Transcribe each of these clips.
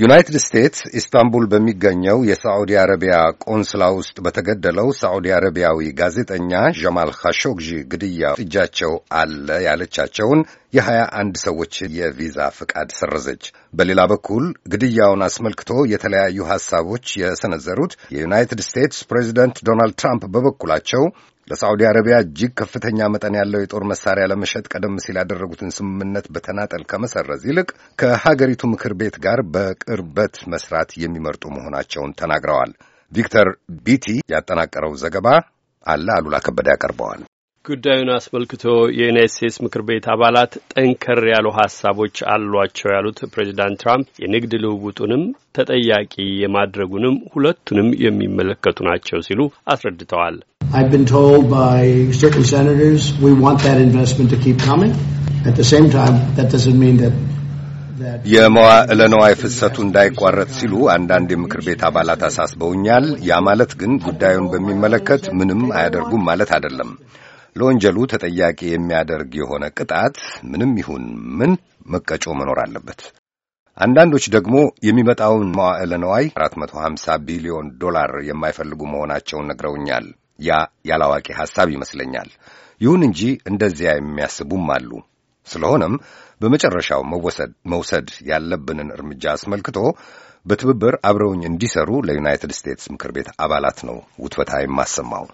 ዩናይትድ ስቴትስ ኢስታንቡል በሚገኘው የሳዑዲ አረቢያ ቆንስላ ውስጥ በተገደለው ሳዑዲ አረቢያዊ ጋዜጠኛ ጀማል ካሾግዢ ግድያ እጃቸው አለ ያለቻቸውን የሀያ አንድ ሰዎች የቪዛ ፍቃድ ሰረዘች። በሌላ በኩል ግድያውን አስመልክቶ የተለያዩ ሐሳቦች የሰነዘሩት የዩናይትድ ስቴትስ ፕሬዚደንት ዶናልድ ትራምፕ በበኩላቸው ለሳዑዲ አረቢያ እጅግ ከፍተኛ መጠን ያለው የጦር መሳሪያ ለመሸጥ ቀደም ሲል ያደረጉትን ስምምነት በተናጠል ከመሰረዝ ይልቅ ከሀገሪቱ ምክር ቤት ጋር በቅርበት መስራት የሚመርጡ መሆናቸውን ተናግረዋል። ቪክተር ቢቲ ያጠናቀረው ዘገባ አለ አሉላ ከበደ ያቀርበዋል። ጉዳዩን አስመልክቶ የዩናይት ስቴትስ ምክር ቤት አባላት ጠንከር ያሉ ሀሳቦች አሏቸው ያሉት ፕሬዚዳንት ትራምፕ የንግድ ልውውጡንም ተጠያቂ የማድረጉንም ሁለቱንም የሚመለከቱ ናቸው ሲሉ አስረድተዋል። I've been told by certain senators we want that investment to keep coming. At the same time, that doesn't mean that የመዋዕለ ነዋይ ፍሰቱ እንዳይቋረጥ ሲሉ አንዳንድ የምክር ቤት አባላት አሳስበውኛል። ያ ማለት ግን ጉዳዩን በሚመለከት ምንም አያደርጉም ማለት አይደለም። ለወንጀሉ ተጠያቂ የሚያደርግ የሆነ ቅጣት ምንም ይሁን ምን መቀጮ መኖር አለበት። አንዳንዶች ደግሞ የሚመጣውን መዋዕለ ነዋይ 450 ቢሊዮን ዶላር የማይፈልጉ መሆናቸውን ነግረውኛል። ያ ያላዋቂ ሐሳብ ይመስለኛል። ይሁን እንጂ እንደዚያ የሚያስቡም አሉ። ስለሆነም በመጨረሻው መውሰድ ያለብንን እርምጃ አስመልክቶ በትብብር አብረውኝ እንዲሰሩ ለዩናይትድ ስቴትስ ምክር ቤት አባላት ነው ውትበታ የማሰማው።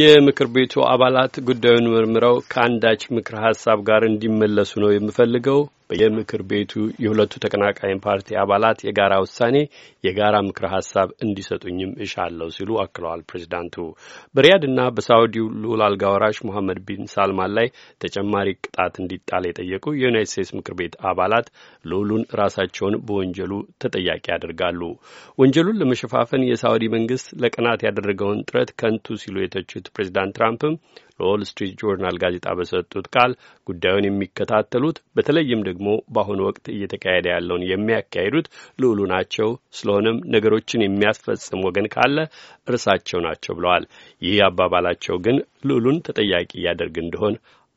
የምክር ቤቱ አባላት ጉዳዩን መርምረው ከአንዳች ምክር ሀሳብ ጋር እንዲመለሱ ነው የምፈልገው በየምክር ቤቱ የሁለቱ ተቀናቃኝ ፓርቲ አባላት የጋራ ውሳኔ፣ የጋራ ምክረ ሀሳብ እንዲሰጡኝም እሻለሁ ሲሉ አክለዋል። ፕሬዚዳንቱ በሪያድና በሳውዲው ልዑል አልጋ ወራሽ ሙሐመድ ቢን ሳልማን ላይ ተጨማሪ ቅጣት እንዲጣል የጠየቁ የዩናይት ስቴትስ ምክር ቤት አባላት ልዑሉን ራሳቸውን በወንጀሉ ተጠያቂ ያደርጋሉ። ወንጀሉን ለመሸፋፈን የሳውዲ መንግስት ለቀናት ያደረገውን ጥረት ከንቱ ሲሉ የተቹት ፕሬዚዳንት ትራምፕም ለዎል ስትሪት ጆርናል ጋዜጣ በሰጡት ቃል ጉዳዩን የሚከታተሉት በተለይም ደግሞ በአሁኑ ወቅት እየተካሄደ ያለውን የሚያካሂዱት ልዑሉ ናቸው። ስለሆነም ነገሮችን የሚያስፈጽም ወገን ካለ እርሳቸው ናቸው ብለዋል። ይህ አባባላቸው ግን ልዑሉን ተጠያቂ ያደርግ እንደሆን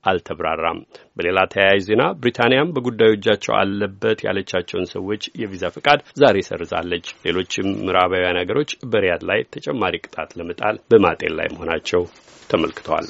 አልተብራራም። በሌላ ተያያዥ ዜና ብሪታንያም በጉዳዩ እጃቸው አለበት ያለቻቸውን ሰዎች የቪዛ ፍቃድ ዛሬ ሰርዛለች። ሌሎችም ምዕራባውያን ሀገሮች በሪያድ ላይ ተጨማሪ ቅጣት ለመጣል በማጤን ላይ መሆናቸው ተመልክተዋል።